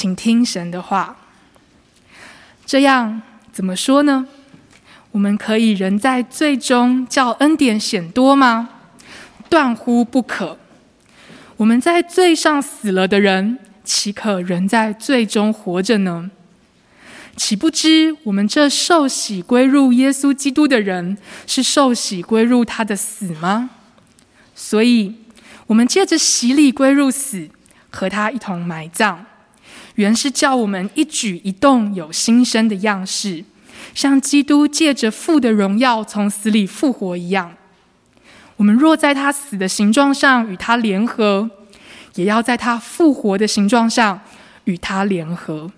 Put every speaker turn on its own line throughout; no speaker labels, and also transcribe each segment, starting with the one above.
請聽神的話。這樣怎麼說呢？我們可以仍在罪中、叫恩典顯多嗎？斷乎不可。我們在罪上死了的人，豈可仍在罪中活着呢？豈不知我們這受洗歸入耶穌基督的人，是受洗歸入他的死嗎？所以，我們借着洗禮歸入死，和他一同埋葬。原是叫我們一舉一動有新生的樣式，像基督借着父的榮耀從死裡復活一樣。我們若在他死的形狀上與他聯合，也要在他復活的形狀上與他聯合。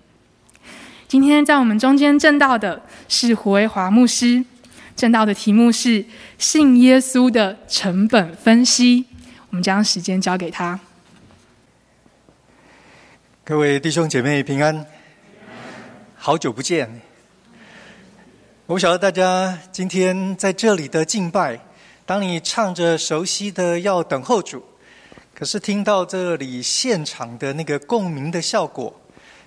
今天在我們中間證道的是胡維華牧師，證道的題目是《信耶穌的成本分析》。我們將時間交給他。
各位弟兄姐妹平安，好久不見。我不曉得大家今天在這裡的敬拜，當你唱着熟悉的要等候主，可是聽到這裡現場的那個共鳴的效果，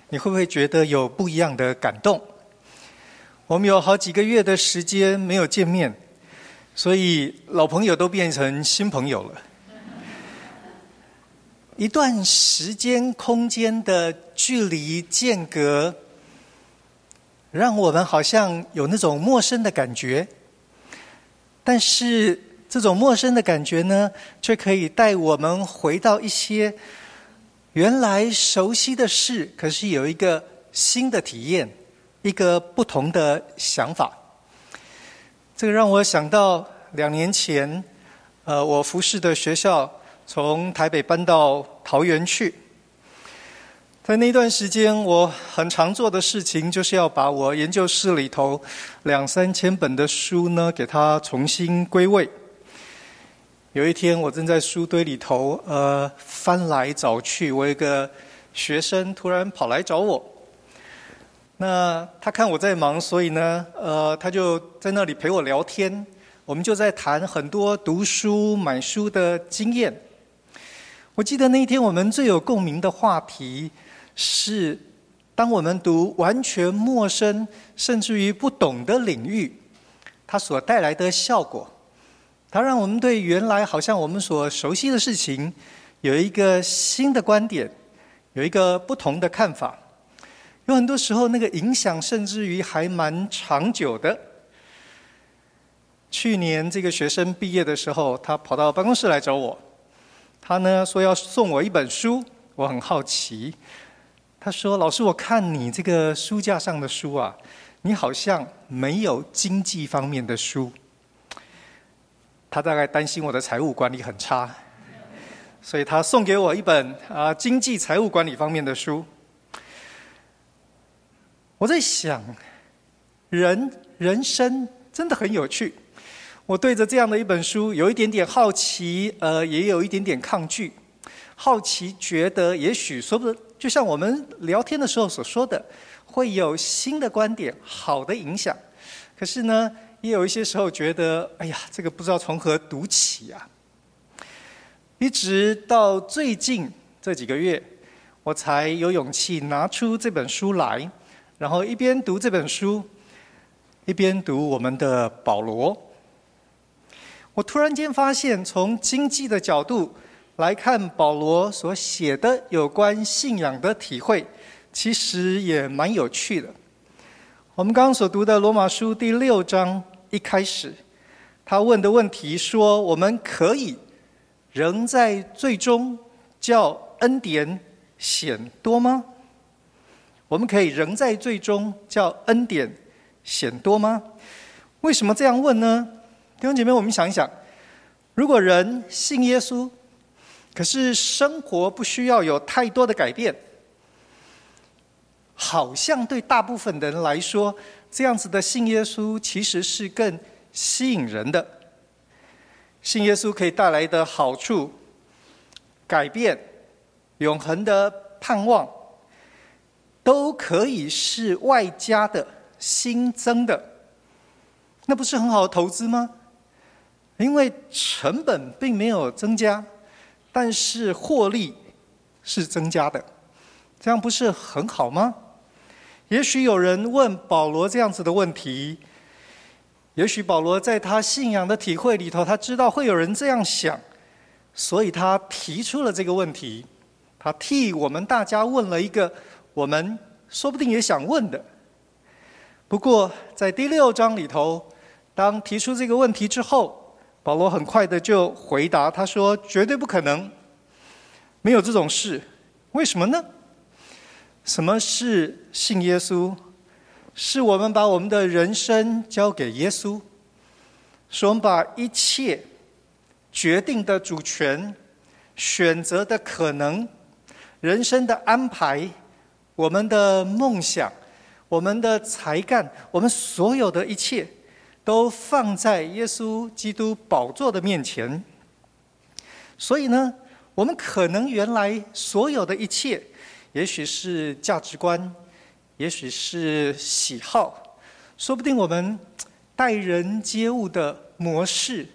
你會不會覺得有不一樣的感動？我們有好幾個月的時間沒有見面，所以老朋友都變成新朋友了。一段時間、空間的距離間隔，讓我們好像有那種陌生的感覺。但是，這種陌生的感覺呢，卻可以帶我們回到一些原來熟悉的事，可是有一個新的體驗，一個不同的想法。這個讓我想到兩年前，呃，我服侍的學校，從台北搬到桃園去，在那段時間，我很常做的事情就是要把我研究室裡頭兩三千本的書呢，給它重新歸位。有一天，我正在書堆裡頭呃翻來找去，我有一個學生突然跑來找我。那他看我在忙，所以呢，呃，他就在那裡陪我聊天，我們就在談很多讀書，買書的經驗。我記得那一天，我們最有共鳴的話題是：當我們讀完全陌生，甚至於不懂的領域，它所帶來的效果，它讓我們對原來好像我們所熟悉的事情，有一個新的觀點，有一個不同的看法。有很多時候，那個影響甚至於還蠻長久的。去年這個學生畢業的時候，他跑到辦公室來找我。他呢，說要送我一本書，我很好奇。他說：“老師，我看你這個書架上的書啊，你好像沒有經濟方面的書。”他大概擔心我的財務管理很差，所以他送給我一本啊經濟財務管理方面的書。我在想，人人生真的很有趣。我對着這樣的一本書，有一點點好奇，呃，也有一點點抗拒。好奇覺得也許，說不定就像我們聊天的時候所說的，會有新的觀點，好的影響。可是呢，也有一些時候覺得，哎呀，這個不知道從何讀起呀，啊。一直到最近這幾個月，我才有勇氣拿出這本書來，然後一邊讀這本書，一邊讀我們的保羅。我突然間發現，從經濟的角度來看，保羅所寫的有關信仰的體會，其實也蠻有趣的。我們剛剛所讀的《羅馬書》第六章一開始，他問的問題說：“我們可以仍在罪中叫恩典顯多嗎？我們可以仍在罪中叫恩典顯多嗎？為什麼這樣問呢？”弟兄姐妹，我們想一想，如果人信耶穌，可是生活不需要有太多的改變，好像對大部分的人來說，這樣子的信耶穌其實是更吸引人的。信耶穌可以帶來的好處、改變、永恆的盼望，都可以是外加的、新增的，那不是很好的投資嗎？因為成本並沒有增加，但是獲利是增加的，這樣不是很好嗎？也許有人問保羅這樣子的問題，也許保羅在他信仰的體會裡頭，他知道會有人這樣想，所以他提出了這個問題，他替我們大家問了一個我們說不定也想問的。不過在第六章裡頭，當提出這個問題之後，保羅很快的就回答他說：“絕對不可能，沒有這種事。為什麼呢？什麼是信耶穌？是我們把我們的人生交給耶穌，是我們把一切決定的主權、選擇的可能、人生的安排、我們的夢想、我們的才幹，我們所有的一切。”都放在耶穌基督寶座的面前。所以呢，我們可能原來所有的一切，也許是價值觀，也許是喜好，說不定我們待人接物的模式，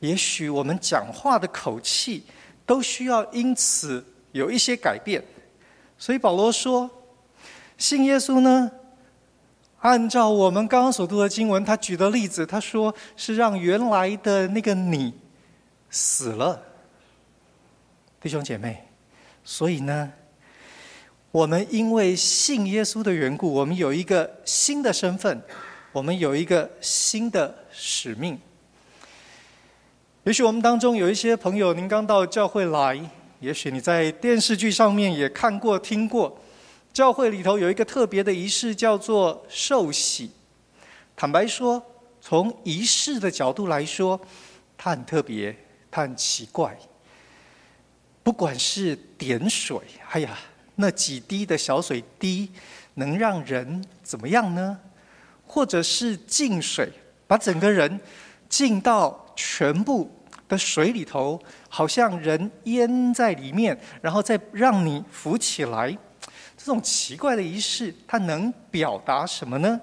也許我們講話的口氣，都需要因此有一些改變。所以保羅說：“信耶穌呢？”按照我們剛剛所讀的經文，他舉的例子，他說是讓原來的那個你死了，弟兄姐妹。所以呢，我們因為信耶穌的緣故，我們有一個新的身份，我們有一個新的使命。也許我們當中有一些朋友，您剛到教會來，也許你在電視劇上面也看過、聽過。教會裡頭有一個特別的儀式，叫做受洗。坦白說，從儀式的角度來說，它很特別，它很奇怪。不管是點水，哎呀，那幾滴的小水滴，能讓人怎麼樣呢？或者是浸水，把整個人浸到全部的水裡頭，好像人淹在裡面，然後再讓你浮起來。這種奇怪的儀式，它能表達什麼呢？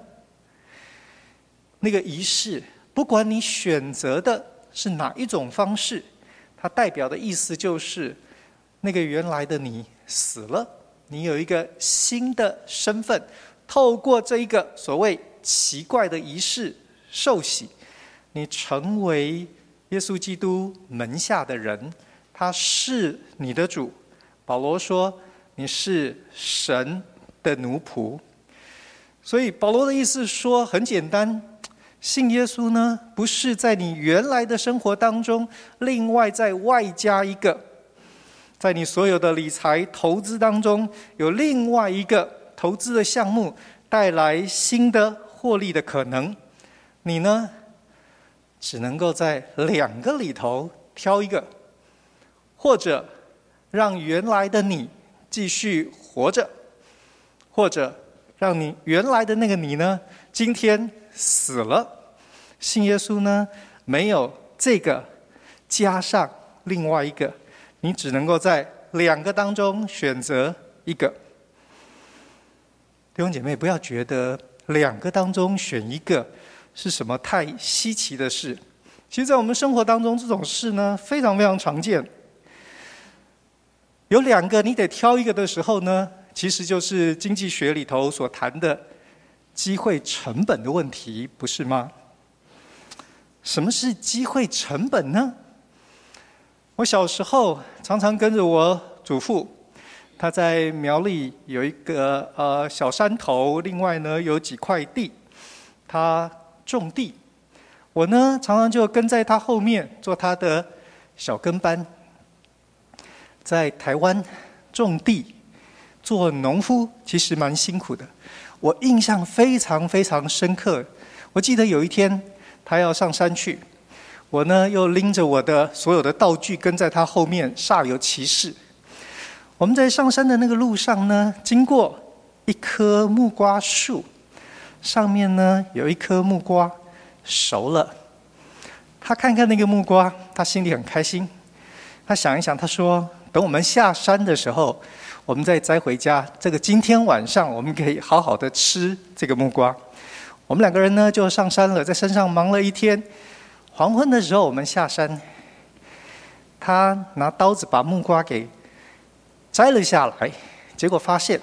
那個儀式，不管你選擇的是哪一種方式，它代表的意思就是，那個原來的你死了，你有一個新的身份。透過這一個所謂奇怪的儀式，受洗，你成為耶穌基督門下的人，他是你的主。保羅說。你是神的奴僕，所以保羅的意思說很簡單：信耶穌呢，不是在你原來的生活當中另外再外加一個，在你所有的理財投資當中有另外一個投資的項目，帶來新的獲利的可能，你呢只能夠在兩個裡頭挑一個，或者讓原來的你，繼續活着或者讓你原來的那個你呢，今天死了，信耶穌呢，沒有這個加上另外一個，你只能夠在兩個當中選擇一個。弟兄姐妹，不要覺得兩個當中選一個是什麼太稀奇的事。其實，在我們生活當中，這種事呢，非常非常常見。有兩個你得挑一個的時候呢，其實就是經濟學裡頭所談的機會成本的問題，不是嗎？什麼是機會成本呢？我小時候常常跟着我祖父，他在苗栗有一個呃小山頭，另外呢有幾塊地，他種地，我呢常常就跟在他後面做他的小跟班。在台灣種地做農夫，其實蠻辛苦的。我印象非常非常深刻。我記得有一天，他要上山去，我呢又拎着我的所有的道具跟在他後面，煞有其事。我們在上山的那個路上呢，經過一棵木瓜樹，上面呢有一棵木瓜熟了。他看看那個木瓜，他心裡很開心。他想一想，他說。等我們下山的時候，我們再摘回家。這個今天晚上我們可以好好的吃這個木瓜。我們兩個人呢就上山了，在山上忙了一天。黃昏的時候我們下山，他拿刀子把木瓜給摘了下來，結果發現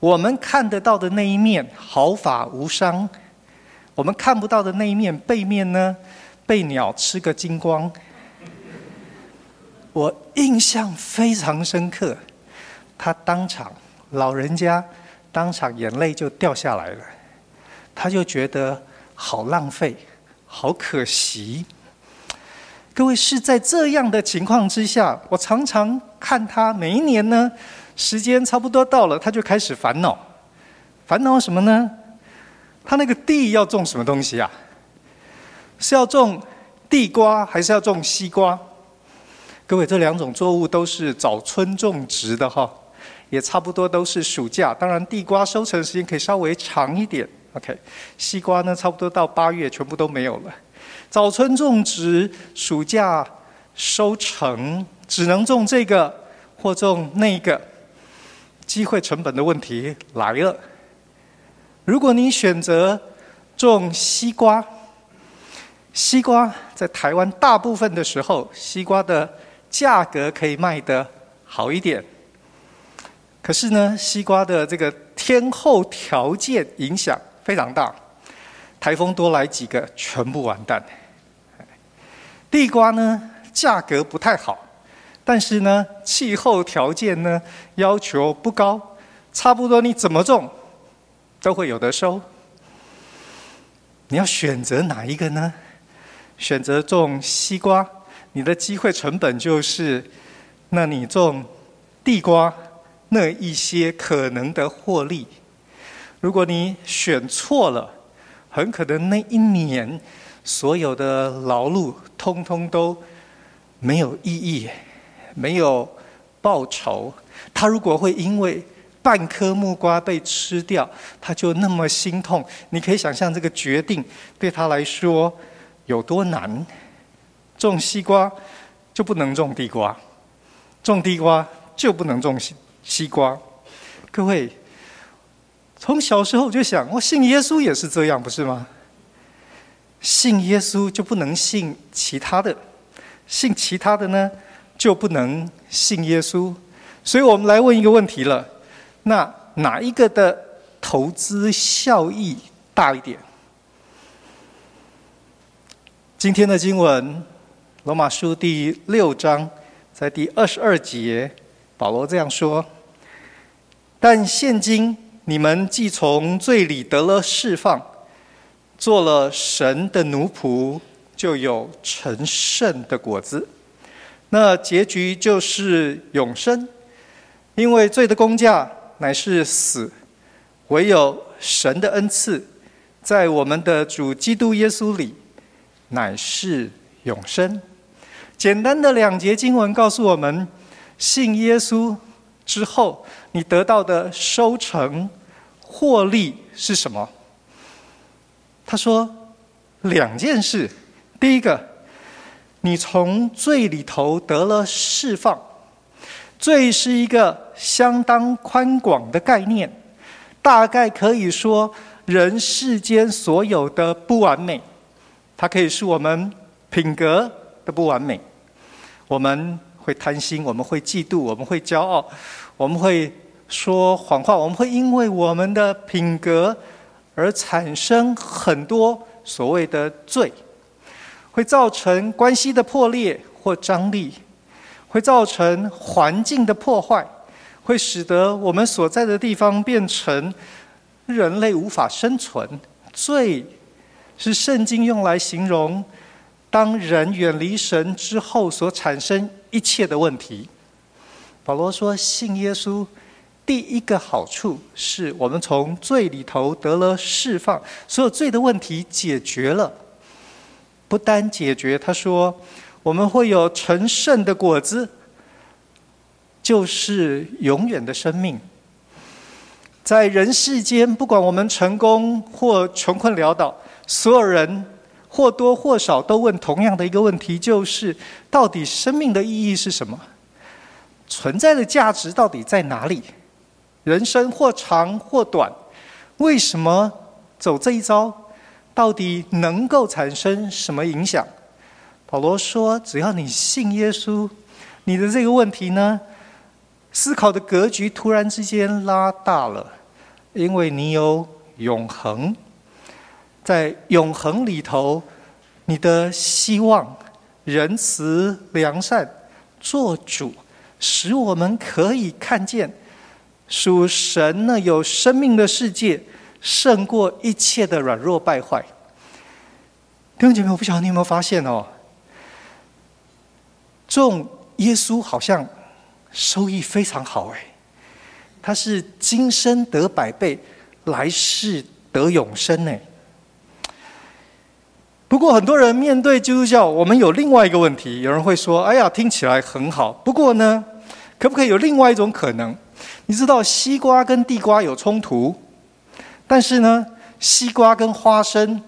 我們看得到的那一面毫髮無傷，我們看不到的那一面背面呢被鳥吃個精光。我印象非常深刻，他當場，老人家當場眼淚就掉下來了，他就覺得好浪費，好可惜。各位，是在這樣的情況之下，我常常看他每一年呢，時間差不多到了，他就開始煩惱。煩惱什麼呢？他那個地要種什麼東西啊？是要種地瓜，還是要種西瓜？各位，這兩種作物都是早春種植的哈，也差不多都是暑假。當然，地瓜收成時間可以稍微長一點。OK，西瓜呢，差不多到八月全部都沒有了。早春種植，暑假收成，只能種這個或種那個，機會成本的問題來了。如果你選擇種西瓜，西瓜在台灣大部分的時候，西瓜的。價格可以賣得好一點，可是呢，西瓜的這個天候條件影響非常大，台風多來幾個，全部完蛋。地瓜呢，價格不太好，但是呢，氣候條件呢，要求不高，差不多你怎麼種，都會有得收。你要選擇哪一個呢？選擇種西瓜，你的機會成本就是，那你種地瓜那一些可能的獲利。如果你選錯了，很可能那一年所有的勞碌通通都沒有意義，沒有報酬。他如果會因為半顆木瓜被吃掉，他就那麼心痛，你可以想象這個決定對他來說有多難。種西瓜就不能種地瓜，種地瓜就不能種西瓜。各位，從小時候就想，我信耶穌也是這樣，不是嗎？信耶穌就不能信其他的，信其他的呢就不能信耶穌。所以我們來問一個問題了：那哪一個的投資效益大一點？今天的經文。羅馬書第六章，在第二十二節，保羅這樣說：“但現今你們既從罪裡得了釋放，做了神的奴僕，就有成聖的果子。那結局就是永生，因為罪的工價乃是死，唯有神的恩賜，在我們的主基督耶穌裡，乃是永生。”簡單的兩節經文告訴我們，信耶穌之後，你得到的收成、獲利是什麼？他說兩件事，第一個，你從罪裡頭得了釋放。罪是一個相當寬廣的概念，大概可以說人世間所有的不完美，它可以是我們品格的不完美。我們會貪心，我們會嫉妒，我們會驕傲，我們會說謊話，我們會因為我們的品格而產生很多所謂的罪，會造成關係的破裂或張力，會造成環境的破壞，會使得我們所在的地方變成人類無法生存。罪是聖經用來形容。當人遠離神之後，所產生一切的問題，保羅說：“信耶穌，第一個好處是我們從罪裡頭得了釋放，所有罪的問題解決了。不單解決，他說，我們會有成聖的果子，就是永遠的生命。在人世間，不管我們成功或窮困潦倒，所有人。”或多或少都問同樣的一個問題，就是到底生命的意義是什麼？存在的價值到底在哪裡？人生或長或短，為什麼走這一遭？到底能夠產生什麼影響？保羅說：只要你信耶穌，你的這個問題呢，思考的格局突然之間拉大了，因為你有永恆。在永恆裡頭，你的希望、仁慈、良善，做主，使我們可以看見屬神那有生命的世界，勝過一切的軟弱敗壞。弟兄姐妹，我不曉得你有沒有發現哦，信耶穌好像收益非常好哎，他是今生得百倍，來世得永生呢。不過很多人面對基督教，我們有另外一個問題。有人會說：“哎呀，聽起來很好。”不過呢，可不可以有另外一種可能？你知道西瓜跟地瓜有衝突，但是呢，西瓜跟花生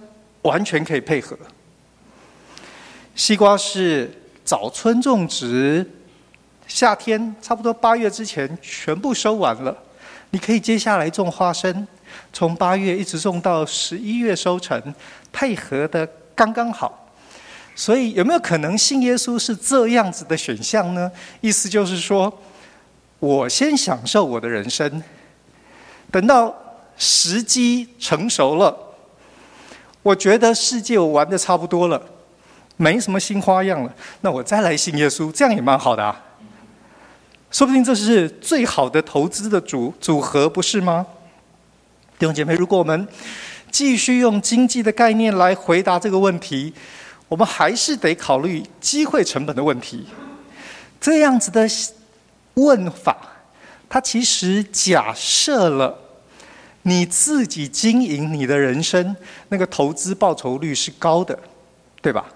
完全可以配合。西瓜是早春種植，夏天差不多八月之前全部收完了，你可以接下來種花生，從八月一直種到十一月收成，配合的。剛剛好，所以有沒有可能信耶穌是這樣子的選項呢？意思就是說，我先享受我的人生，等到時機成熟了，我覺得世界我玩得差不多了，沒什麼新花樣了，那我再來信耶穌，這樣也蠻好的啊。說不定這是最好的投資的組組合，不是嗎？弟兄姐妹，如果我們。繼續用經濟的概念，來回答這個問題，我們還是得考慮機會成本的問題。這樣子的問法，它其實假設了你自己經營你的人生，那個投資報酬率是高的，對吧？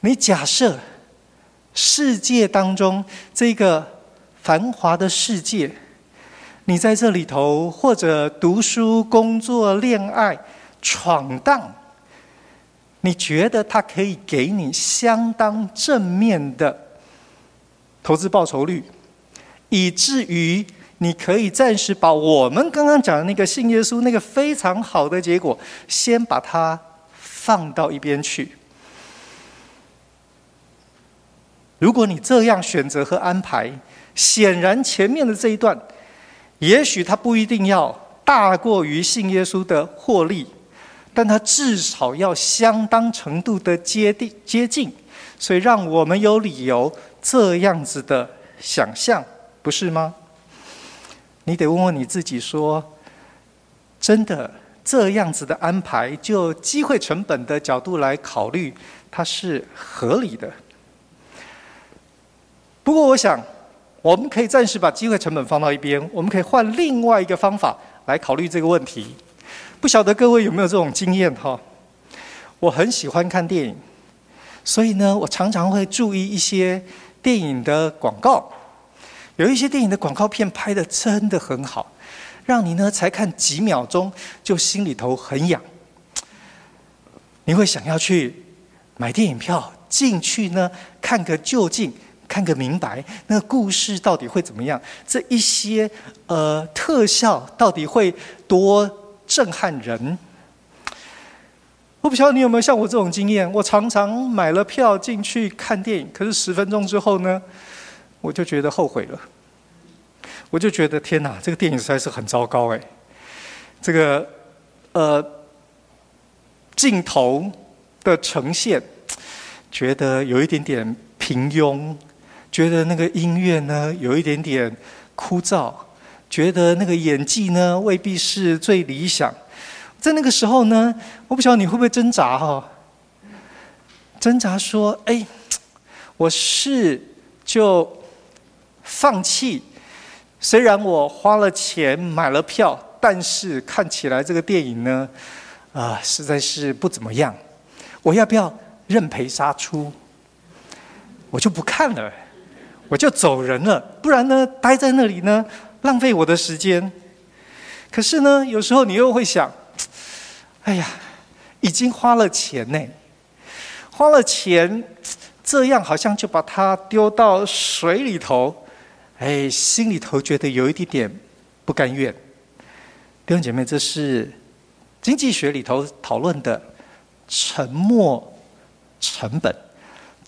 你假設世界當中這個繁華的世界，你在這裡頭，或者讀書、工作、戀愛、闖蕩，你覺得它可以給你相當正面的投資報酬率，以至於你可以暫時把我們剛剛講的那個信耶穌那個非常好的結果，先把它放到一邊去。如果你這樣選擇和安排，顯然前面的這一段。也許他不一定要大過於信耶穌的獲利，但他至少要相當程度的接近接近，所以讓我們有理由這樣子的想象，不是嗎？你得問問你自己說，說真的，這樣子的安排，就機會成本的角度來考慮，它是合理的。不過，我想。我們可以暫時把機會成本放到一邊，我們可以換另外一個方法來考慮這個問題。不曉得各位有沒有這種經驗哈？我很喜歡看電影，所以呢，我常常會注意一些電影的廣告。有一些電影的廣告片拍得真的很好，讓你呢才看幾秒鐘就心裡頭很癢，你會想要去買電影票進去呢看個究竟，看個明白，那個故事到底會怎麼樣？這一些呃特效到底會多震撼人？我不曉得你有沒有像我這種經驗。我常常買了票進去看電影，可是十分鐘之後呢，我就覺得後悔了。我就覺得天哪，這個電影實在是很糟糕哎！這個呃鏡頭的呈現，覺得有一點點平庸，覺得那個音樂呢，有一點點枯燥，覺得那個演技呢，未必是最理想。在那個時候呢，我不曉得你會不會掙扎哈、哦？掙扎說：“哎，我是就放棄。雖然我花了錢買了票，但是看起來這個電影呢，啊、呃，實在是不怎麼樣。我要不要認賠殺出？我就不看了。”我就走人了，不然呢，待在那裡呢，浪費我的時間。可是呢，有時候你又會想，哎呀，已經花了錢呢，花了錢，這樣好像就把它丟到水裡頭，哎，心裡頭覺得有一點點不甘願。弟兄姐妹，這是經濟學裡頭討論的沉沒成本。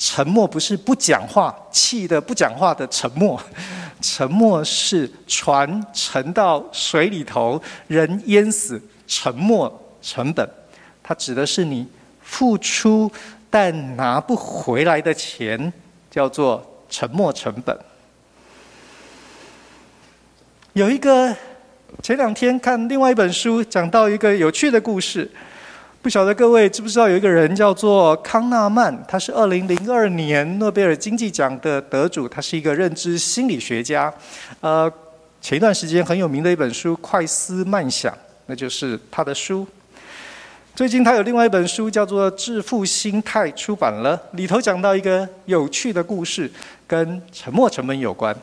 沉默不是不講話，氣得不講話的沉默。沉沒是船沉到水裡頭，人淹死。沉沒成本，它指的是你付出但拿不回來的錢，叫做沉沒成本。有一個前兩天看另外一本書，講到一個有趣的故事。不曉得各位知不知道有一個人叫做康納曼，他是二零零二年諾貝爾經濟獎的得主，他是一個認知心理學家。呃，前一段時間很有名的一本書《快思慢想》，那就是他的書。最近他有另外一本書叫做《致富心態》，出版了，裡頭講到一個有趣的故事，跟沉沒成本有關。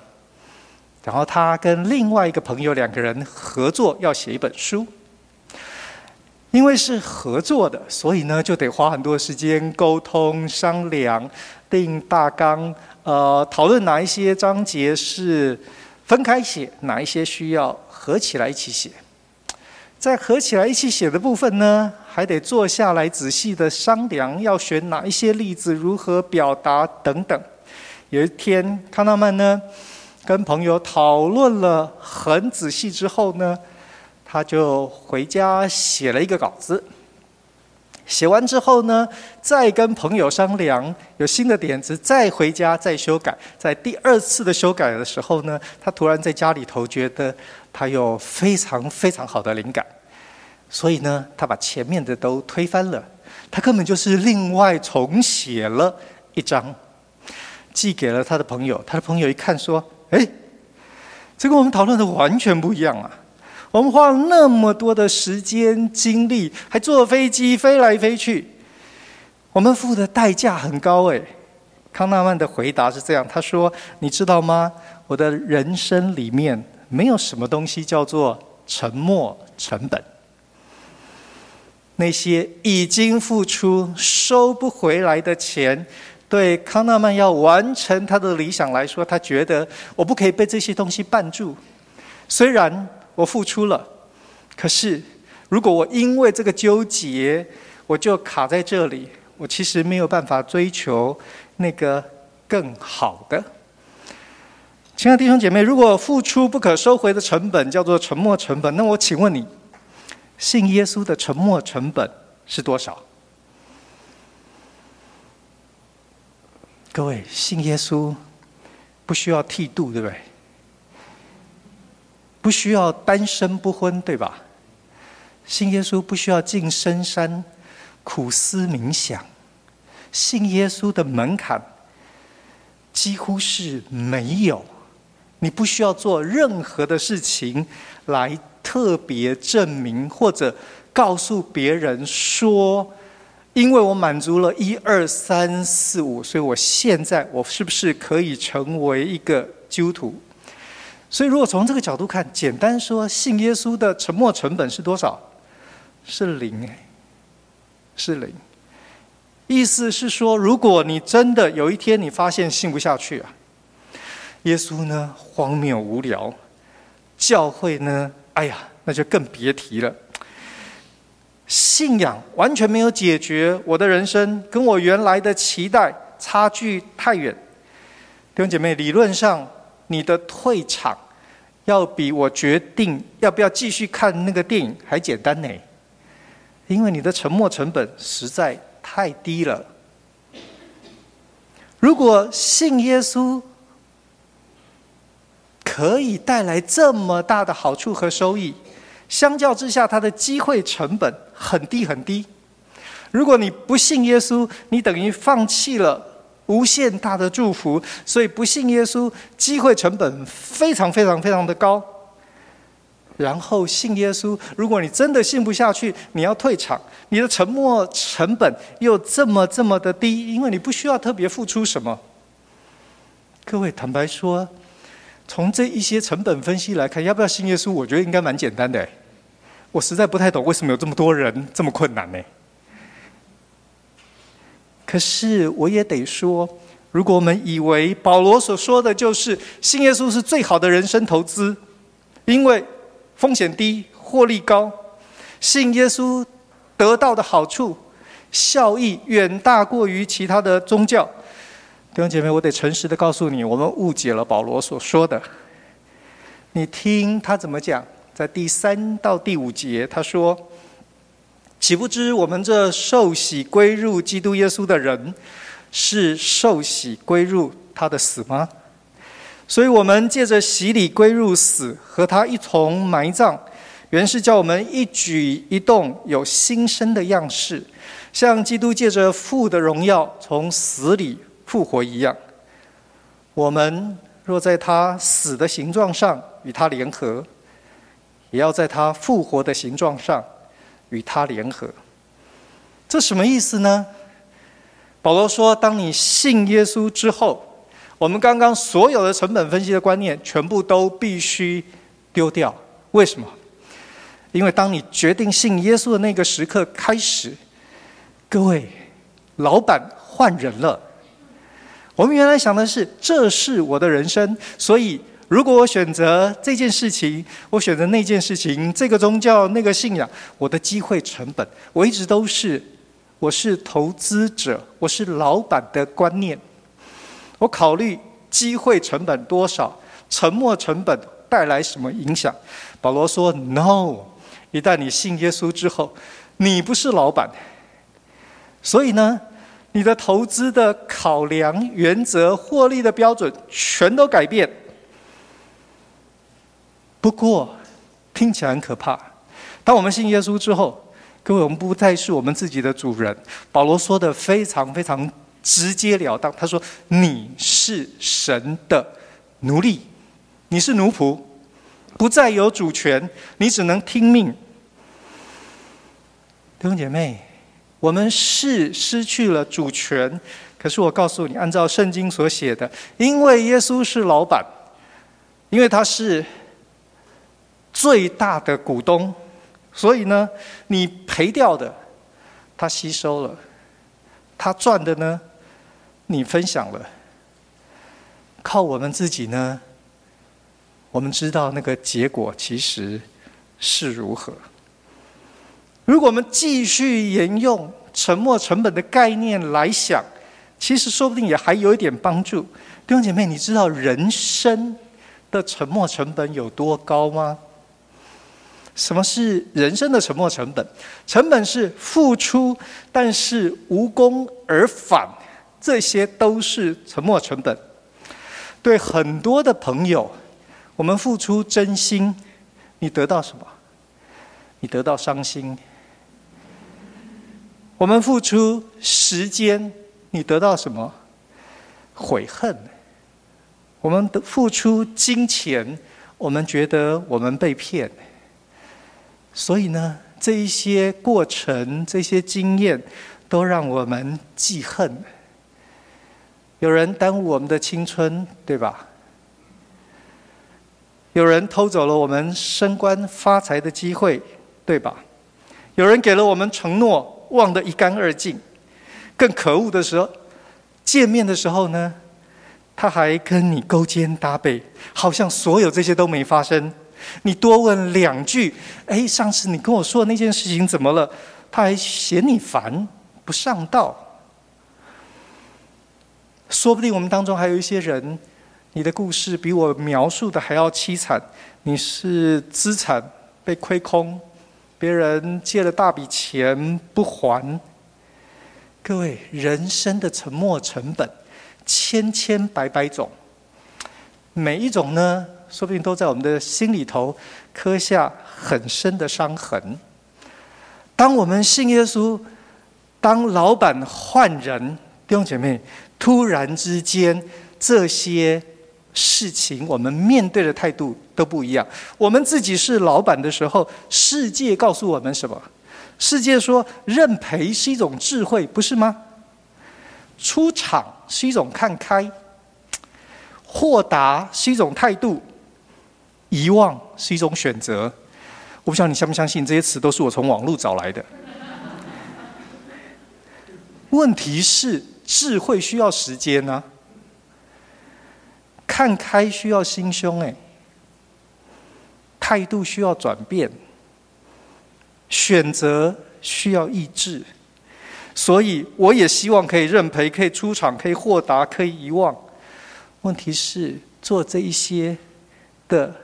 然後他跟另外一個朋友兩個人合作要寫一本書。因為是合作的，所以呢就得花很多時間溝通、商量、定大綱，呃，討論哪一些章節是分開寫，哪一些需要合起來一起寫。在合起來一起寫的部分呢，還得坐下來仔細的商量，要選哪一些例子，如何表達等等。有一天，康納曼呢跟朋友討論了很仔細之後呢，他就回家寫了一個稿子，寫完之後呢，再跟朋友商量，有新的點子，再回家再修改。在第二次的修改的時候呢，他突然在家裡頭覺得他有非常非常好的靈感，所以呢，他把前面的都推翻了，他根本就是另外重寫了一張，寄給了他的朋友。他的朋友一看說：“哎，這跟我們討論的完全不一樣啊！”我們花了那麼多的時間精力，還坐飛機飛來飛去，我們付的代價很高哎。康納曼的回答是這樣，他說：“你知道嗎？我的人生裡面沒有什麼東西叫做沉沒成本。那些已經付出收不回來的錢，對康納曼要完成他的理想來說，他覺得我不可以被這些東西絆住。雖然。”我付出了，可是如果我因為這個糾結，我就卡在這裡，我其實沒有辦法追求那個更好的。親愛的弟兄姐妹，如果付出不可收回的成本叫做沉沒成本，那我請問你，信耶穌的沉沒成本是多少？各位，信耶穌不需要剃度，對不對？不需要單身不婚，對吧？信耶穌不需要進深山苦思冥想，信耶穌的門檻幾乎是沒有。你不需要做任何的事情來特別證明，或者告訴別人說：“因為我滿足了一二三四五，所以我現在我是不是可以成為一個基督徒？”所以，如果從這個角度看，簡單說，信耶穌的沉沒成本是多少？是零，哎，是零。意思是說，如果你真的有一天你發現信不下去了，啊，耶穌呢，荒謬無聊，教會呢，哎呀，那就更別提了。信仰完全沒有解決我的人生，跟我原來的期待差距太遠。弟兄姐妹，理論上。你的退場，要比我決定要不要繼續看那個電影還簡單呢，因為你的沉沒成本實在太低了。如果信耶穌可以帶來這麼大的好處和收益，相較之下，它的機會成本很低很低。如果你不信耶穌，你等於放棄了，無限大的祝福，所以不信耶穌，機會成本非常非常非常的高。然後信耶穌，如果你真的信不下去，你要退場，你的沉默成本又這麼這麼的低，因為你不需要特別付出什麼。各位，坦白說，從這一些成本分析來看，要不要信耶穌？我覺得應該蠻簡單的。我實在不太懂，為什麼有這麼多人這麼困難呢？可是我也得說，如果我們以為保羅所說的就是信耶穌是最好的人生投資，因為風險低、獲利高，信耶穌得到的好處、效益遠大過於其他的宗教，弟兄姐妹，我得誠實的告訴你，我們誤解了保羅所說的。你聽他怎麼講，在第三到第五節，他說，豈不知我們這受洗歸入基督耶穌的人，是受洗歸入他的死嗎？所以，我們借着洗禮歸入死，和他一同埋葬，原是叫我們一舉一動有新生的樣式，像基督借着父的榮耀從死裡復活一樣。我們若在他死的形狀上與他聯合，也要在他復活的形狀上。與他聯合，這什麼意思呢？保羅說：“當你信耶穌之後，我們剛剛所有的成本分析的觀念，全部都必須丟掉。為什麼？因為當你決定信耶穌的那個時刻開始，各位，老闆換人了。我們原來想的是，這是我的人生，所以。”如果我選擇這件事情，我選擇那件事情，這個宗教那個信仰，我的機會成本，我一直都是我是投資者，我是老闆的觀念。我考慮機會成本多少，沉沒成本帶來什麼影響。保羅說：“No，一旦你信耶穌之後，你不是老闆。所以呢，你的投資的考量原則、獲利的標準，全都改變。”不過，聽起來很可怕。當我們信耶穌之後，各位，我們不再是我們自己的主人。保羅說的非常非常直截了當，他說：“你是神的奴隸，你是奴僕，不再有主權，你只能聽命。”弟兄姐妹，我們是失去了主權。可是我告訴你，按照聖經所寫的，因為耶穌是老闆，因為他是。最大的股東，所以呢，你賠掉的，他吸收了；他賺的呢，你分享了。靠我們自己呢，我們知道那個結果其實是如何。如果我們繼續沿用沉沒成本的概念來想，其實說不定也還有一點幫助。弟兄姐妹，你知道人生的沉沒成本有多高嗎？什麼是人生的沉沒成本？成本是付出，但是無功而返，這些都是沉沒成本。對很多的朋友，我們付出真心，你得到什麼？你得到傷心。我們付出時間，你得到什麼？悔恨。我們的付出金錢，我們覺得我們被騙。所以呢，這一些過程，這些經驗，都讓我們記恨。有人耽誤我們的青春，對吧？有人偷走了我們升官發財的機會，對吧？有人給了我們承諾，忘得一乾二淨。更可惡的時候，見面的時候呢，他還跟你勾肩搭背，好像所有這些都沒發生。你多問兩句，哎、欸，上次你跟我說的那件事情怎麼了？他還嫌你煩，不上道。說不定我們當中還有一些人，你的故事比我描述的還要淒慘。你是資產被虧空，別人借了大筆錢不還。各位，人生的沉沒成本千千百百種，每一種呢，說不定都在我們的心裡頭刻下很深的傷痕。當我們信耶穌，當老闆換人，弟兄姐妹，突然之間這些事情，我們面對的態度都不一樣。我們自己是老闆的時候，世界告訴我們什麼？世界說認賠是一種智慧，不是嗎？出場是一種看開，豁達是一種態度。遺忘是一種選擇，我不知道你相不相信，這些詞都是我從網絡找來的。 問題是，智慧需要時間呢、啊，看開需要心胸、欸，哎，態度需要轉變，選擇需要意志，所以我也希望可以認賠，可以出場，可以豁達，可以遺忘。問題是，做這一些的。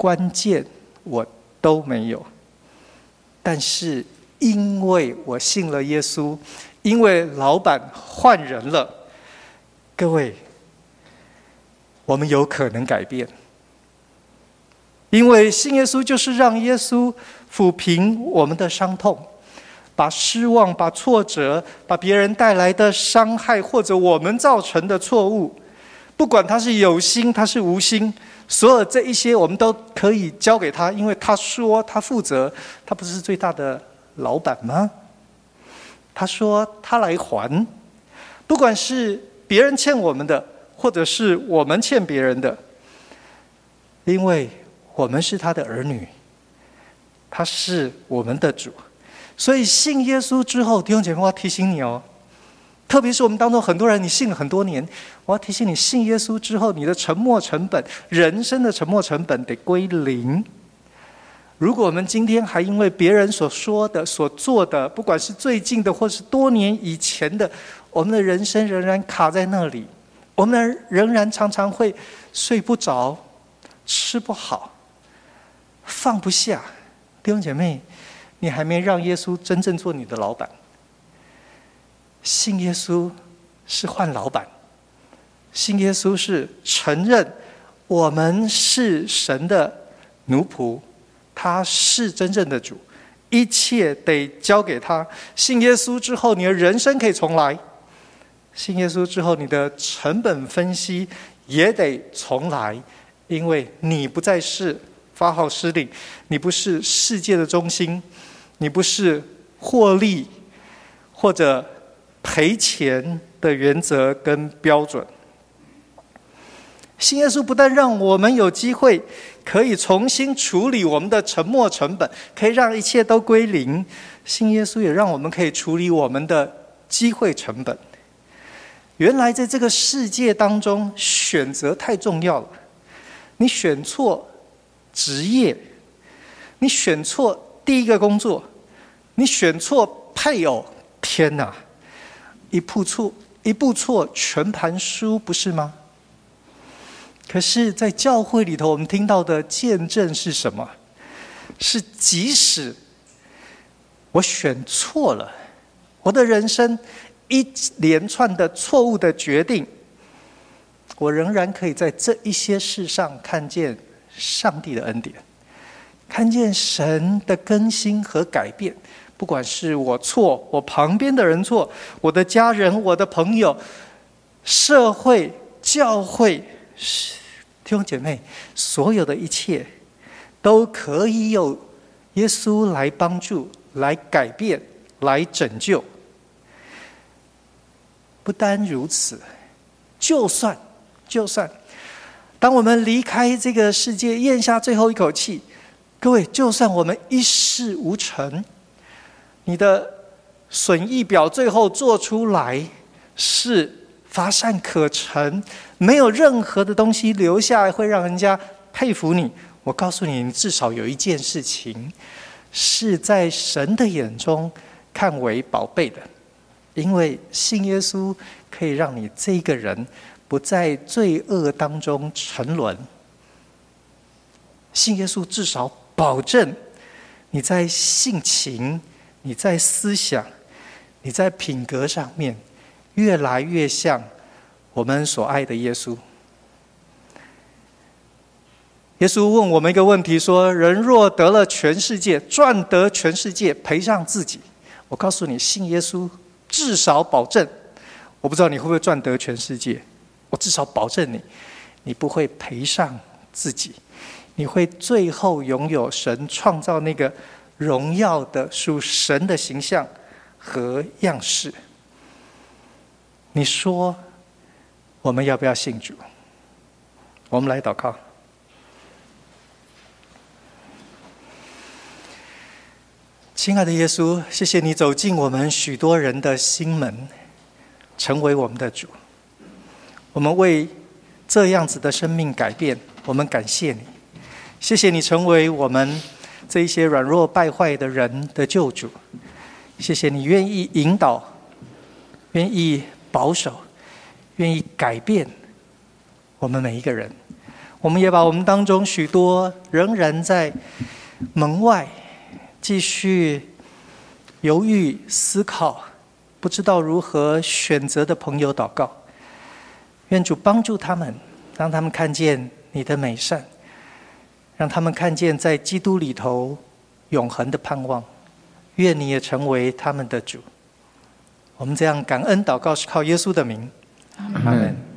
關鍵我都沒有，但是因為我信了耶穌，因為老闆換人了，各位，我們有可能改變。因為信耶穌就是讓耶穌撫平我們的傷痛，把失望、把挫折、把別人帶來的傷害，或者我們造成的錯誤，不管他是有心，他是無心。所有這一些，我們都可以交給他，因為他說他負責，他不是最大的老闆嗎？他說他來還，不管是別人欠我們的，或者是我們欠別人的，因為我們是他的兒女，他是我們的主，所以信耶穌之後，弟兄姐妹，我提醒你哦。特別是我們當中很多人，你信了很多年，我要提醒你，信耶穌之後，你的沉沒成本，人生的沉沒成本得歸零。如果我們今天還因為別人所說的、所做的，不管是最近的，或是多年以前的，我們的人生仍然卡在那裡，我們仍然常常會睡不着、吃不好、放不下。弟兄姐妹，你還沒讓耶穌真正做你的老闆。信耶穌是換老闆，信耶穌是承認我們是神的奴僕，他是真正的主，一切得交給他。信耶穌之後，你的人生可以重來；信耶穌之後，你的成本分析也得重來，因為你不再是發號施令，你不是世界的中心，你不是獲利或者賠錢的原則跟標準。信耶穌不但讓我們有機會可以重新處理我們的沉沒成本，可以讓一切都歸零；信耶穌也讓我們可以處理我們的機會成本。原來在這個世界當中，選擇太重要了。你選錯職業，你選錯第一個工作，你選錯配偶，天哪！一步錯，一步錯，全盤輸，不是嗎？可是，在教會裡頭，我們聽到的見證是什麼？是即使我選錯了，我的人生一連串的錯誤的決定，我仍然可以在這一些事上看見上帝的恩典，看見神的更新和改變。不管是我錯，我旁邊的人錯，我的家人、我的朋友、社會、教會，弟兄姐妹，所有的一切都可以有耶穌來幫助、來改變、來拯救。不單如此，就算就算，當我們離開這個世界，咽下最後一口氣，各位，就算我們一事無成。你的損益表最後做出來是乏善可陳，沒有任何的東西留下來會讓人家佩服你。我告訴你，你至少有一件事情是在神的眼中看為寶貝的，因為信耶穌可以讓你這個人不在罪惡當中沉淪。信耶穌至少保證你在性情。你在思想，你在品格上面，越來越像我們所愛的耶穌。耶穌問我們一個問題：說，人若得了全世界，賺得全世界，賠上自己。我告訴你，信耶穌至少保證。我不知道你會不會賺得全世界，我至少保證你，你不會賠上自己，你會最後擁有神創造那個。榮耀的屬神的形象和樣式。你說，我們要不要信主？我們來禱告。親愛的耶穌，謝謝你走進我們許多人的心門，成為我們的主。我們為這樣子的生命改變，我們感謝你。謝謝你成為我們。這些軟弱敗壞的人的救主，謝謝你願意引導，願意保守，願意改變我們每一個人。我們也把我們當中許多仍然在門外繼續猶豫思考、不知道如何選擇的朋友禱告，願主幫助他們，讓他們看見你的美善。讓他們看見在基督裡頭永恆的盼望，願你也成為他們的主。我們這樣感恩禱告，是靠耶穌的名。
阿門。